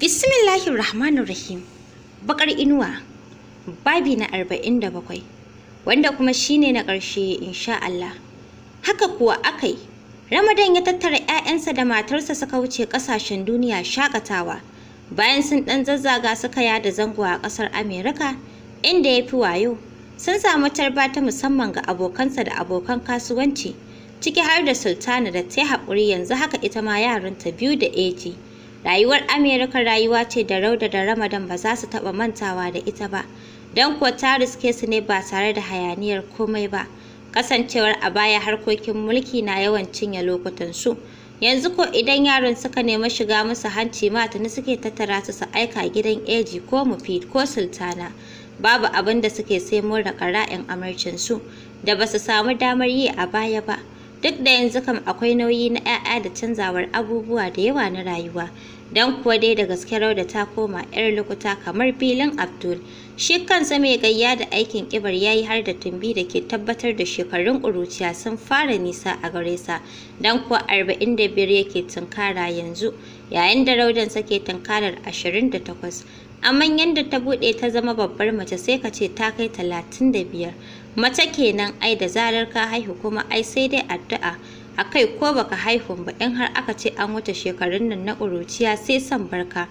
Bismillahir Rahmanir Rahim. Bakar inuwa. Babi na 47 wanda kuma shine na ƙarshe insha Allah. Haka kuwa akai. Ramadan ya tattara ƴaƴansa da matarsa suka wuce ƙasashen duniya shakatawa. Bayan sun ɗan zazzaga suka ya da zango a ƙasar Amerika inda ya fi wayo. Sun samu tarba ta musamman ga abokansa da abokan kasuwanci. ciki har da Sultana da ta yi haƙuri yanzu haka ita ma yaranta biyu da eji. Rayuwar Amerika rayuwa ce da Rauda da Ramadan ba za su taɓa mantawa da ita ba, don kuwa ta riske su ne ba tare da hayaniyar komai ba. Kasancewar a baya harkokin mulki na yawan cinye lokutan su. Yanzu ko idan yaron suka nemi shiga musu hanci ma tuni suke tattara su su aika gidan Eji ko Mufid ko Sultana. Babu abin da suke sai murna ƙara'in su da ba su samu damar yi a baya ba. Duk da yanzu kam akwai nauyi na 'ya'ya da canzawar abubuwa da yawa na rayuwa. don kuwa dai da gaske Rauda ta koma 'yar lokuta kamar filin Abdul. Shi kansa mai gayya da aikin kibar yayi har da tumbi da ke tabbatar da shekarun kuruciya sun fara nisa a gare sa, don kuwa 45 yake tunkara yanzu, yayin da Raudan sake tunkarar 28. Amma yadda ta buɗe ta zama babbar mace sai ka ce ta kai 35. Mace kenan ai da zarar ka haihu kuma ai sai dai addu'a. a kai ko baka haihun ba in har aka ce an wuce shekarun nan na ƙuruciya sai san barka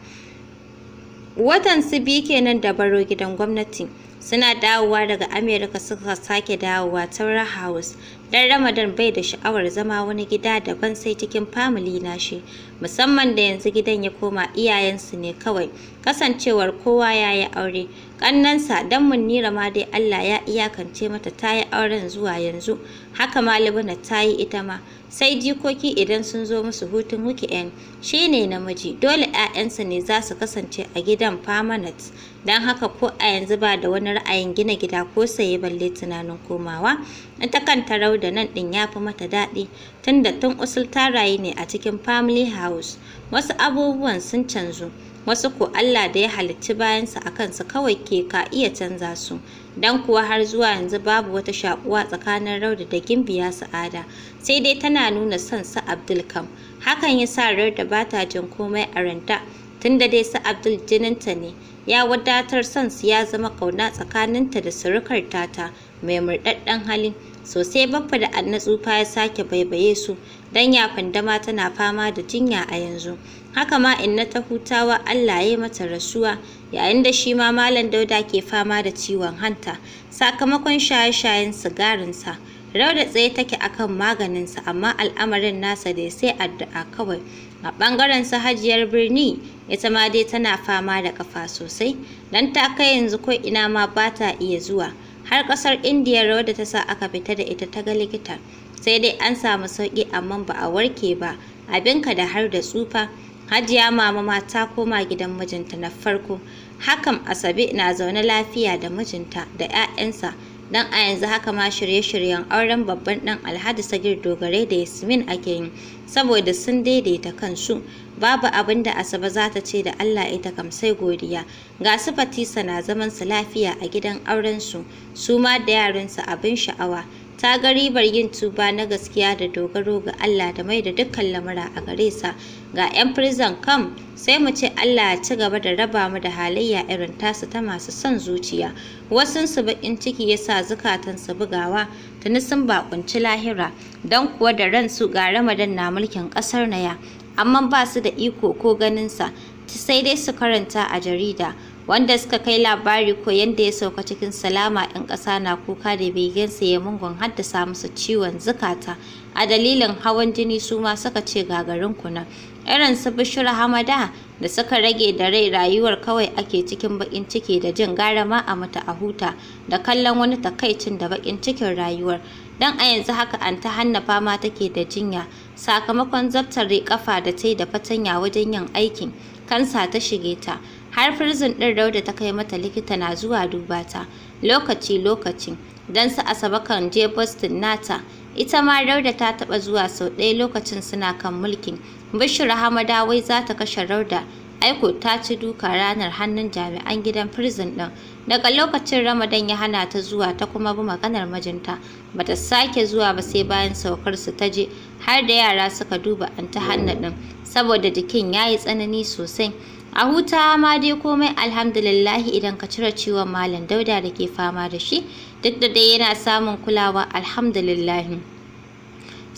watan su biyu kenan da baro gidan gwamnati suna dawowa daga amerika suka sake dawowa taura house Dan Ramadan bai da sha'awar zama wani gida daban sai cikin famili shi. musamman da yanzu gidan ya koma iyayensu ne kawai, kasancewar kowa ya yi aure. Ƙannansa don Munnira ma dai Allah ya iyakance mata ta yi auren zuwa yanzu, haka ma ta yi ita ma, sai jikoki idan sun zo musu hutun wiki'en shi ne namiji, dole 'ya'yansa ne za su kasance a gidan permanent, don haka ko a yanzu ba da wani ra'ayin gina gida ko saye balle tunanin komawa, ita kanta yau da nan ɗin ya fi mata daɗi tunda tun usul ta rayu ne a cikin family house wasu abubuwan sun canzu wasu ko Allah da ya halicci bayansa a kansa kawai ke ka iya canza su don kuwa har zuwa yanzu babu wata shakuwa tsakanin Rauda da Gimbiya Sa'ada sai dai tana nuna son sa Abdul kam hakan ya sa Rauda ba ta jin komai a ranta tunda dai sa Abdul jininta ne ya wadatar son su ya zama kauna tsakaninta da surukar tata mai murɗaɗɗen hali sosai baffa da anna tsufa ya sake baibaye su dan ya fandama tana fama da jinya a yanzu haka ma inna ta hutawa Allah ya mata rasuwa yayin da shi ma malam dauda ke fama da ciwon hanta sakamakon shaye-shayen sigarinsa rauda tsaye take akan maganinsa amma al'amarin nasa dai sai addu'a kawai a bangaren sa hajiyar birni ita ma dai tana fama da kafa sosai Dan ta kai yanzu ko ina ma bata iya zuwa har ƙasar indiya da ta sa aka fita da ita ta ga likita sai dai an samu sauki amma ba a warke ba abinka da har da tsufa hajiya mama ma ta koma gidan mijinta na farko hakan asabe na zaune lafiya da mijinta da 'ya'yansa don a yanzu haka ma shirye-shiryen auren babban ɗan alhaji sagir dogare da yasmin ake yi. saboda sun daidaita kansu babu abin da Asabe za ta ce da Allah ita kam sai godiya ga su Fatisa na zaman su lafiya a gidan aurensu su ma da yaransu abin sha'awa ta ga ribar yin tuba na gaskiya da dogaro ga Allah da mai da dukkan lamura a gare sa ga 'yan prison kam sai mu ce Allah ya ci gaba da raba mu da halayya irin tasu ta masu son zuciya wasun su bakin ciki yasa zukatan su bugawa tuni sun bakunci lahira dan kuwa da ransu ga Ramadan na mulkin kasar naya amma ba su da iko ko ganin sa sai dai su karanta a jarida wanda suka kai labari ko yadda ya sauka cikin salama 'yan ƙasa na kuka da begensa ya mungon haddasa musu ciwon zukata a dalilin hawan jini su ma suka ce gagarin kuna irin su bishira hamada da suka rage da rai rayuwar kawai ake cikin baƙin ciki da jin gara ma a mata a huta da kallon wani takaicin da baƙin cikin rayuwar dan a yanzu haka an ta hanna fama take da jinya sakamakon zabtare kafa da ta yi da fatanya wajen yin aikin kansa ta shige ta har prison ɗin Rauda ta kai mata likita na zuwa duba ta lokaci-lokaci don su Asabe kan je Boston nata. Ita ma Rauda ta taɓa zuwa sau ɗaya lokacin suna kan mulkin. Bishira Hamada wai za ta kashe Rauda. Aiko ta ci duka ranar hannun jami'an gidan prison ɗin. Daga lokacin Ramadan ya hana ta zuwa ta kuma bi maganar mijinta. Bata sake zuwa ba sai bayan saukar su ta je har da yara suka duba an ta hannu ɗin saboda jikin yayi tsanani sosai. a huta ma dai komai alhamdulillahi idan ka cire ciwon malam dauda da ke fama da shi duk da dai yana samun kulawa alhamdulillahi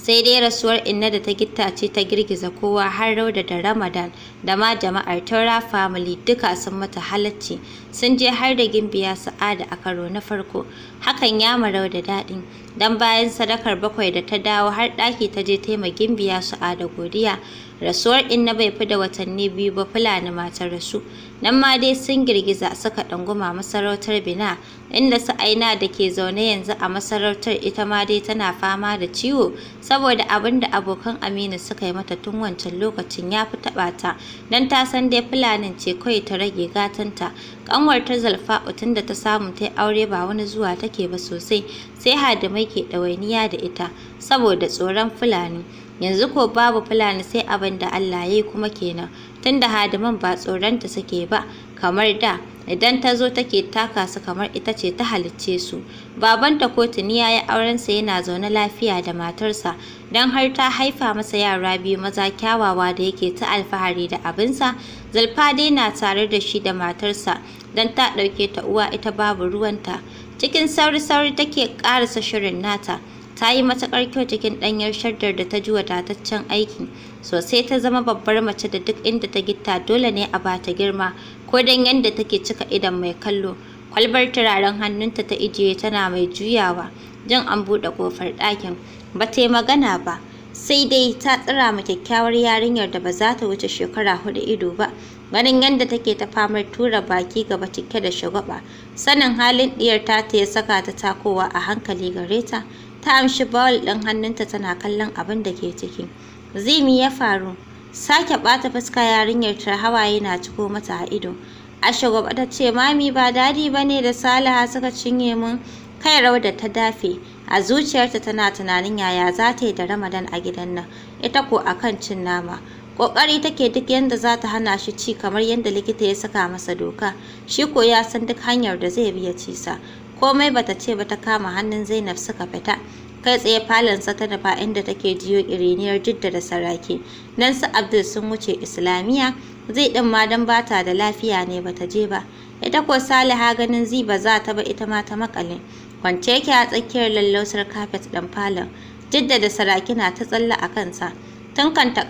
sai dai rasuwar inna da ta gittace ta girgiza kowa har rauda da ramadan da ma jama'ar taura family duka sun mata halacci sun je har da gimbiya sa'ada a karo na farko hakan ya marau da daɗin don bayan sadakar bakwai da ta dawo har ɗaki ta je taima gimbiya sa'ada godiya rasuwar inna bai fi da watanni biyu ba fulani matar rasu nan ma dai sun girgiza suka ɗanguma masarautar bina inda su aina da ke zaune yanzu a masarautar ita ma dai tana fama da ciwo saboda abin da abokan aminu suka yi mata tun wancan lokacin ya fi taɓa ta don ta san dai fulanin ce kawai ta rage gatanta ƙanwar ta zalfa tun da ta samu ta aure ba wani zuwa take ba sosai sai hadimai ke ɗawainiya da ita saboda tsoron fulani yanzu ko babu fulani sai abin da Allah ya yi kuma kenan tunda hadiman ba tsoronta suke ba kamar da idan ta zo take taka su kamar ita ce ta halicce su babanta ko tuni ya yi aurensa yana zaune lafiya da matarsa don har ta haifa masa yara biyu maza kyawawa da yake ta alfahari da abinsa zulfa dai na tare da shi da matarsa don ta ɗauke ta uwa ita babu ruwanta cikin sauri-sauri take ƙarasa shirin nata ta yi matuƙar kyau cikin ɗanyar shaddar da ta ji wadataccen aiki sosai ta zama babbar mace da duk inda ta gitta dole ne a bata girma ko don yadda take cika idan mai kallo kwalbar turaren hannunta ta ijiye tana mai juyawa jin an buɗe ƙofar ɗakin ba ta yi magana ba sai dai ta tsira ma kyakkyawar yarinyar da ba za ta wuce shekara hudu ido ba ganin yadda take ta famar tura baki gaba cike da shagwaba sanin halin diyar ta ta ya saka ta takowa a hankali gare ta ta amshi bawul ɗin hannunta tana kallon abin da ke ciki zimi ya faru sake ɓata fuska yarinyar ta hawaye na ciko mata a ido ashugaba ta ce mami ba dadi ba ne da salaha suka cinye mun kai da ta dafe a zuciyarta tana tunanin yaya za ta yi da ramadan a gidan nan ita ko a kan cin nama ƙoƙari take duk yadda za ta hana shi ci kamar yadda likita ya saka masa doka shi ko ya san duk hanyar da zai biya cisa. komai bata ce ba ta kama hannun zainab suka fita kai tsaye falonsa ta nufa inda take jiyo iriniyar jidda da sarake nan su abdul sun wuce islamiyya zai din ma dan bata da lafiya ne bata je ba ita ko saliha ganin ziba za ta ba ita ma ta makale kwance yake a tsakiyar lallausar kafet ɗin falon jidda da saraki na ta tsalle a kansa tun kan ta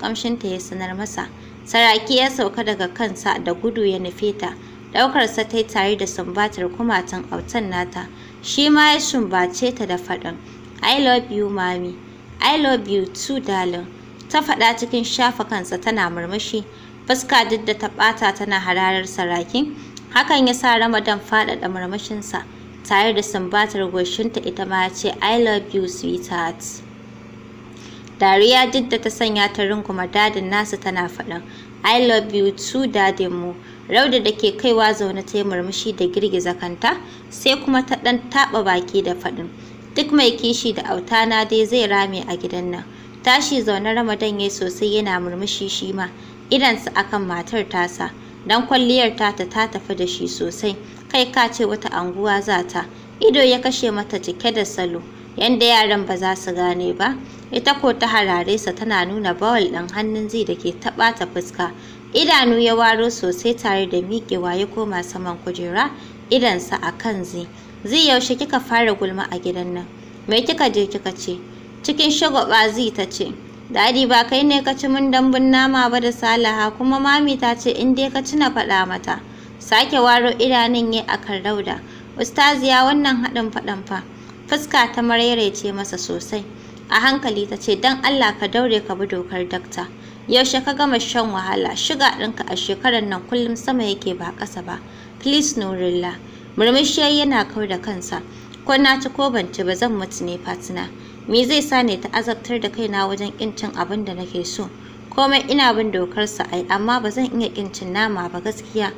kamshin ta ya sanar masa saraki ya sauka daga kansa da gudu ya nufe ta ɗaukarsa ta yi tare da sumbatar kumatan autan nata shi ma ya sumbace ta da faɗin i love you mami i love you too darling ta faɗa cikin shafa kansa tana murmushi fuska duk da ta ɓata tana hararar sarakin hakan ya sa ramadan faɗaɗa murmushinsa tare da sumbatar goshinta ita ma ce i love you sweetheart dariya duk da ta sanya ta runguma dadin nasu tana faɗin i love you too dadin mu Rauda da ke kaiwa zaune ta yi murmushi da girgiza kanta, sai kuma ta ɗan taɓa baki da faɗin. Duk mai kishi da auta na dai zai rame a gidan nan. Tashi zaune Ramadan ya sosai yana murmushi shi ma, idansa akan matar tasa. Dan kwalliyar ta, ta ta tafi da shi sosai, kai ka ce wata anguwa za ta. Ido ya kashe mata cike da salo, yanda yaran ba za su gane ba. Ita ko ta harare sa tana nuna bawal ɗin hannun zai da ke taɓa ta fuska. idanu ya waro sosai tare da miƙewa ya koma saman kujera idansa a kan zi zai yaushe kika fara gulma a gidan nan mai kika je kika ce cikin shagwaba zi ta ce dadi ba kai ne ka ci mun dambun nama ba da salaha kuma mami ta ce in dai ka ci na faɗa mata sake waro idanun ya akan rauda ustaziya wannan haɗin faɗan fa fuska ta ce masa sosai a hankali ta ce don allah ka daure ka bi dokar dakta yaushe ka gama shan wahala shiga ɗinka a shekarar nan kullum sama yake ba ƙasa ba please nurilla murmushi yana kau da kansa ko na ci ko ban ci ba zan mutu ne fatina me zai sa ne ta azabtar da kaina wajen ƙin cin abin da nake so komai ina bin dokarsa ai amma ba zan iya ƙin cin nama ba gaskiya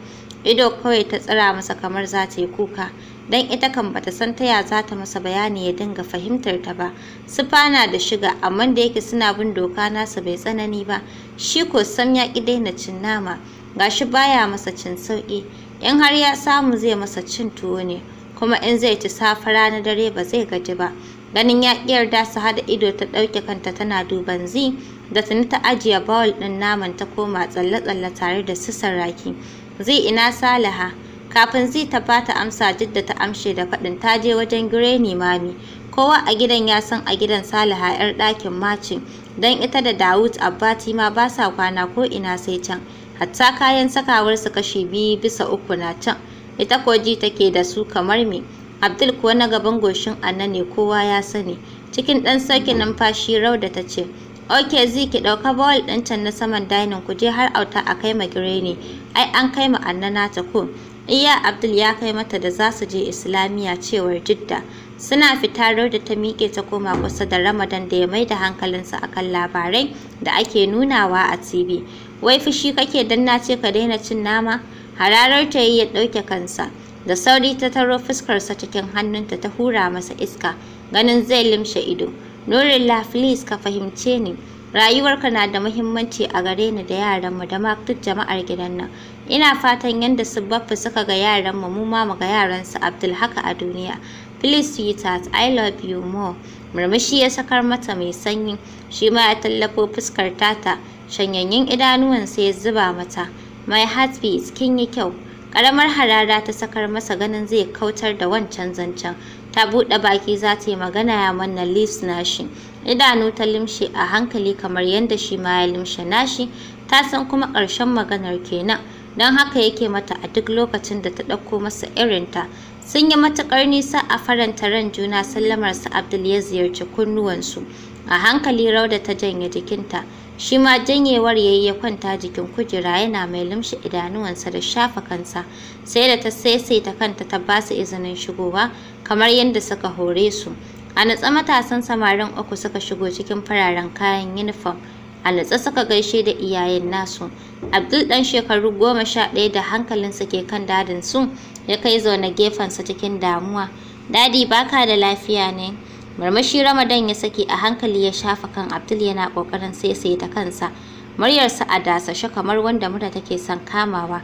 ido kawai ta tsira masa kamar za ta yi kuka don ita kan bata san ta ya za ta masa bayani ya dinga fahimtar ta ba su fana da shiga amma da yake suna bin doka nasa bai tsanani ba shi ko sam ya ki daina cin nama gashi baya masa cin sauki in har ya samu zai masa cin tuwo ne kuma in zai ci safara na dare ba zai gaji ba ganin ya ƙi yarda su hada ido ta ɗauke kanta tana duban zi da tuni ta ajiye bawul ɗin naman ta koma tsalle-tsalle tare da su saraki. zai ina salaha kafin zai ta amsa jidda ta amshe da faɗin ta je wajen gireni mami kowa a gidan ya san a gidan saliha yar ɗakin macin don ita da dawud abbati ma ba sa kwana ko ina sai can hatta kayan sakawar su kashi biyu bisa uku na can ita koji take da su kamar me abdul kuwa na gaban goshin anna ne kowa ya sani cikin ɗan sauki numfashi rauda ta ce ok zai ki ɗauka bawal ɗin can na saman dainin ku je har auta a kai ma gireni ai an kai ma Annana ta ko iya abdul ya kai mata da za su je islamiyya cewar jidda suna fita da ta miƙe ta koma kusa da ramadan da ya mai da hankalinsa akan labarai da ake nunawa a tv wai fushi kake dan na ce ka daina cin nama hararar ta yi ya ɗauke kansa da sauri ta taro fuskarsa cikin hannunta ta hura masa iska ganin zai limshe ido nurin lafilis ka fahimce ni rayuwarka na da muhimmanci a gare ni da yaranmu da ma duk jama'ar gidan nan ina fatan yadda su baffa suka ga yaran mu mu ma mu ga yaran su abdul a duniya please sweetheart i love you more murmushi ya sakar mata mai sanyi shi ma ya tallafo fuskar tata shanyayyen idanuwansa ya zuba mata my heart beats kin yi kyau karamar harara ta sakar masa ganin zai kautar da wancan zancen ta buɗe baki za ta yi magana ya manna leaves nashi idanu ta limshe a hankali kamar yadda shi ma ya limshe nashi ta san kuma ƙarshen maganar kenan don haka yake mata a duk lokacin da ta ɗauko masa irinta sun yi matuƙar nisa a faranta ran juna sallamar su abdul ya ziyarci kunnuwansu a hankali rauda ta janye jikinta shi ma janyewar yayi ya kwanta jikin kujera yana mai lumshe idanuwansa da shafa kansa sai da ta saisaita kanta ta ba su izinin shigowa kamar yadda suka hore su a natsa matasan samarin uku suka shigo cikin fararen kayan yunifom a natsa suka gaishe da iyayen nasu abdul dan shekaru goma sha ɗaya da hankalinsa ke kan dadin su ya kai zaune gefensa cikin damuwa dadi baka da lafiya ne murmushi ramadan ya saki a hankali ya shafa kan abdul yana kokarin ta kansa muryarsa a dasashe kamar wanda mura take son kamawa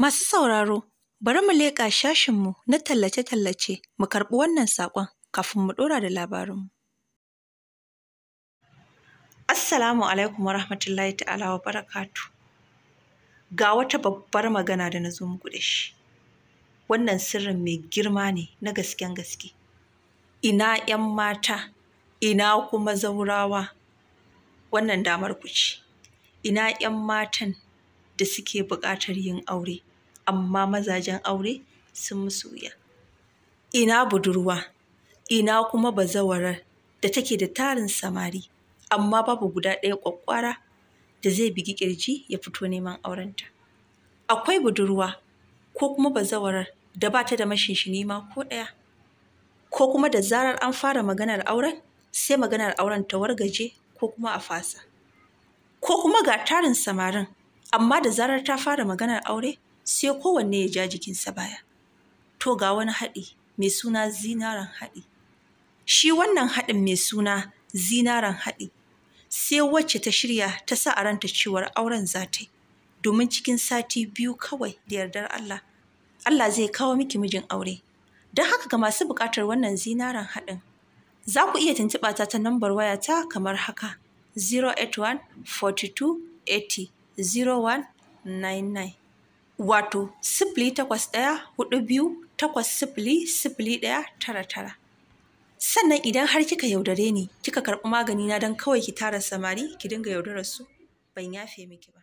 masu sauraro bari mu leƙa shashinmu na tallace-tallace mu karɓi wannan saƙon kafin mu ɗora da labarinmu Assalamu alaikum wa rahmatullahi ta'ala wa barakatu. Ga wata babbar magana da na zo muku da shi. Wannan sirrin mai girma ne na gasken gaske. Ina ‘yan mata, ina kuma zaurawa, wannan damar ku ce. Ina ‘yan matan da suke buƙatar yin aure, amma mazajen aure sun musu wuya. Ina budurwa, ina kuma bazawarar da take da tarin samari. amma babu guda ɗaya ƙwaƙƙwara da zai bigi ƙirji ya fito neman aurenta. Akwai budurwa ko kuma bazawarar da ba ta da mashinshini ma ko ɗaya, ko kuma da zarar an fara maganar auren sai maganar auren ta wargaje ko kuma a fasa. Ko kuma ga tarin samarin, amma da zarar ta fara maganar aure sai kowanne ya ja jikinsa baya. To ga wani haɗi mai suna zinaren haɗi. Shi wannan haɗin mai suna zinaren haɗi sai wacce ta shirya ta sa a ranta cewar auren za yi domin cikin sati biyu kawai da yardar Allah Allah zai kawo miki mijin aure don haka ga masu buƙatar wannan zinaren haɗin za ku iya tuntuɓa ta ta nambar ta kamar haka 081 42 80 0199 wato sifili takwas ɗaya hudu biyu takwas sifili sifili ɗaya tara tara sannan idan har kika yaudare ni kika karɓi magani na don kawai ki tara samari ki dinga yaudarar su ban yafe miki ba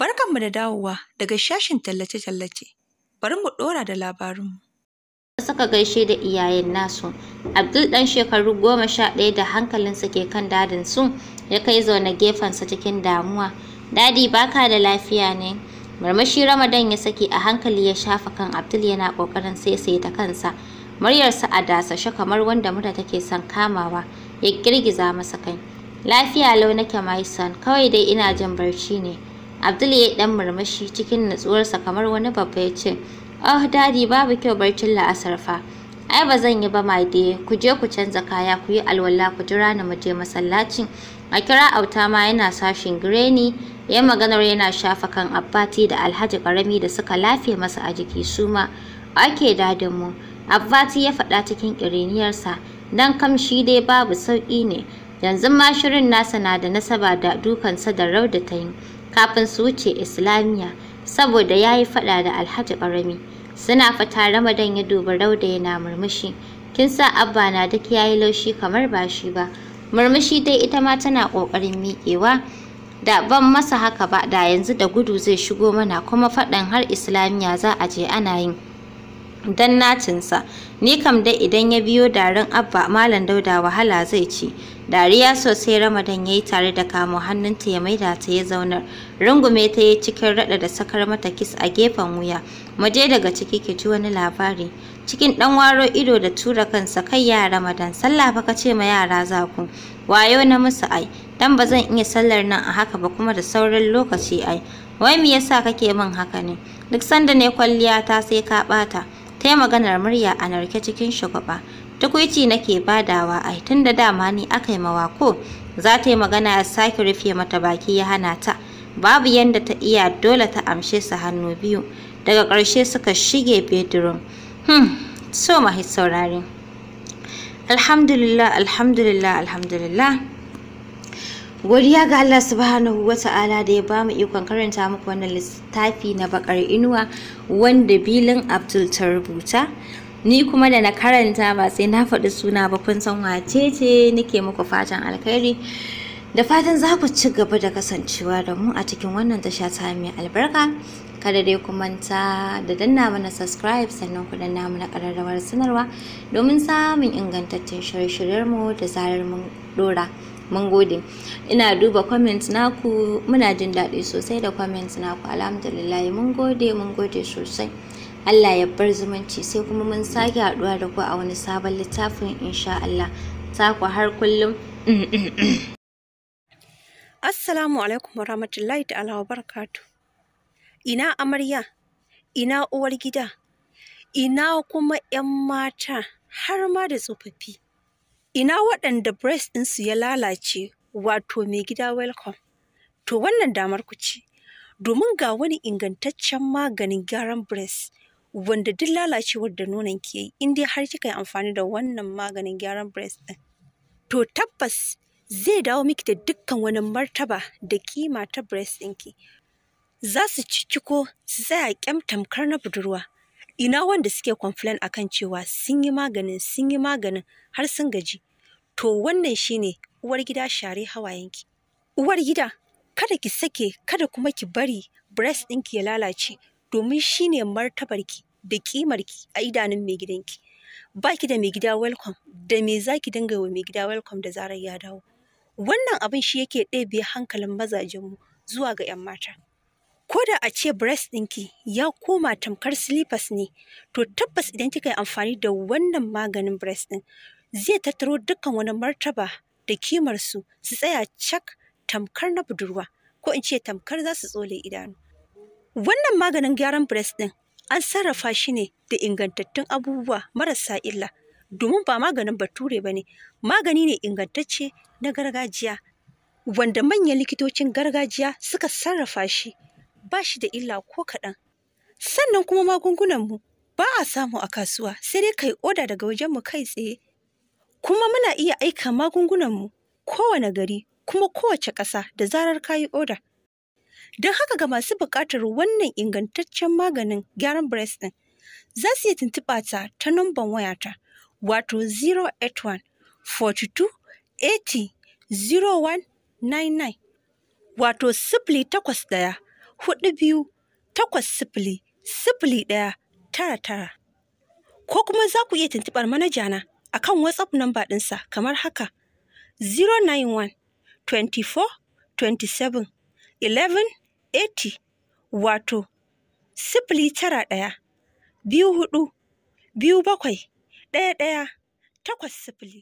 barkanmu da dawowa daga shashin tallace-tallace bari mu ɗora da labarinmu saka gaishe da iyayen nasu abdul ɗan shekaru goma sha ɗaya da hankalinsa ke kan dadin su ya kai zaune gefensa cikin damuwa dadi baka da lafiya ne murmushi ramadan ya saki a hankali ya shafa kan abdul yana ƙoƙarin saisaita kansa muryarsa a dasashe kamar wanda mura take son kamawa ya girgiza masa kai lafiya lau nake mai son kawai dai ina jin barci ne abdul ya dan murmushi cikin natsuwarsa kamar wani babba ya ce oh dadi babu kyau barcin la'asar fa ai ba zan yi ba mai dai ku je ku canza kaya ku yi alwala ku jira ni muje je masallacin a kira auta ma yana sashin gireni ya maganar yana shafa kan abbati da alhaji karami da suka lafe masa a jiki su ma ake dadin mu Abbati ya faɗa cikin ƙiriniyarsa, don kamshi dai babu sauƙi ne, yanzu ma shirin nasa na da nasaba da dukansa da rauda ta yi, kafin su wuce Islamiyya, saboda ya yi faɗa da Alhaji ƙarami. Suna fata Ramadan ya duba rauda yana murmushi, kin sa Abba na duk ya yi laushi kamar ba shi ba. Murmushi dai ita ma tana ƙoƙarin miƙewa. da ban masa haka ba da yanzu da gudu zai shigo mana kuma faɗan har islamiyya za a je ana yin don nacinsa ni kam dai idan ya biyo darin abba malam dauda wahala zai ci dariya sosai ramadan ya yi tare da kamo hannunta ya maida ta ya zaunar rungume ta yi cikin rada da sakar mata kis a gefen wuya muje daga ciki ke ji wani labari cikin dan waro ido da tura kansa kai ya ramadan sallah fa ka ce ma yara za ku wayo na musu ai dan ba zan iya sallar nan a haka ba kuma da sauran lokaci ai wai me yasa kake min haka ne duk sanda ne kwalliya ta sai ka bata ta yi maganar murya a narke cikin shugaba. tukwici nake badawa a tun da dama ne aka yi mawa za ta yi magana ya sake rufe mata baki ya hana ta babu yadda ta iya dole ta amshe su hannu biyu daga ƙarshe suka shige bedroom hmm so mahi saurari. alhamdulillah alhamdulillah alhamdulillah Godiya ga Allah subhanahu wa ta'ala da ya bamu ikon karanta muku wannan littafi na bakar inuwa wanda Bilin Abdul ta rubuta. Ni kuma da na karanta ba sai na faɗi suna ba kun san wace ce nake muku fatan alkhairi. Da fatan za ku ci gaba da kasancewa da mu a cikin wannan tasha ta mai albarka. Kada dai ku manta da danna mana subscribe sannan ku danna mana ƙararrawar sanarwa domin samun ingantaccen shirye mu da zarar mun dora. mun gode ina duba comments naku muna jin daɗi sosai da comments naku alhamdulillah mun gode mun gode sosai Allah ya bar zumunci sai kuma mun sake haɗuwa da ku a wani sabon littafin insha Allah ta ku har kullum Assalamu alaikum warahmatullahi ta'ala wa barakatu. Ina amarya, ina uwar gida, ina kuma ‘yan mata har ma da tsofaffi. ina waɗanda breast ɗinsu ya lalace wato mai gida welcome to wannan damar ku ce domin ga wani ingantaccen maganin gyaran breast wanda duk lalacewar da nonon ke yi in dai har kika yi amfani da wannan maganin gyaran breast ɗin to tabbas zai dawo miki da dukkan wani martaba da kima ta breast ɗinki za su ko su tsaya kyam tamkar na budurwa ina wanda suke complain akan cewa sun yi maganin sun yi maganin har sun gaji To wannan shine uwar gida share hawayenki. Uwar gida, kada ki sake, kada kuma ki bari breast ɗinki ya lalace domin shine martabarki da ƙimarki a idanun mai gidanki. Ba ki da mai gida welcome, da me za ki dinga wa mai gida welcome da zarar ya dawo. Wannan abin shi yake ɗebe hankalin mazajenmu zuwa ga 'yan mata. Ko da a ce breast ɗinki ya koma tamkar slippers ne, to tabbas idan kika yi amfani da wannan maganin breast ɗin, zai tattaro dukkan wani martaba da kimarsu su tsaya cak tamkar na budurwa ko in ce tamkar za su tsole idanu. Wannan maganin gyaran breast ɗin an sarrafa shi ne da ingantattun abubuwa marasa illa domin ba maganin bature ba ne magani ne ingantacce na gargajiya wanda manyan likitocin gargajiya suka sarrafa shi ba shi da illa ko kaɗan. Sannan kuma magungunanmu ba a samu a kasuwa sai dai kai oda daga wajenmu kai tsaye Kuma muna iya aika magungunanmu kowane gari kuma kowace ƙasa da zarar kayi oda. Don haka ga masu buƙatar wannan ingantaccen maganin gyaran breast ɗin, za su iya tuntuɓa ta ta numban wayata wato 081 42 80 0199 wato sifili takwas ɗaya hudu biyu takwas sifili sifili ɗaya tara tara ko kuma za ku iya tuntuɓar manajana Akan WhatsApp namba ɗinsa kamar haka 091 24 27 11 80 wato sifili tara ɗaya biyu hudu biyu bakwai ɗaya ɗaya takwas sifili.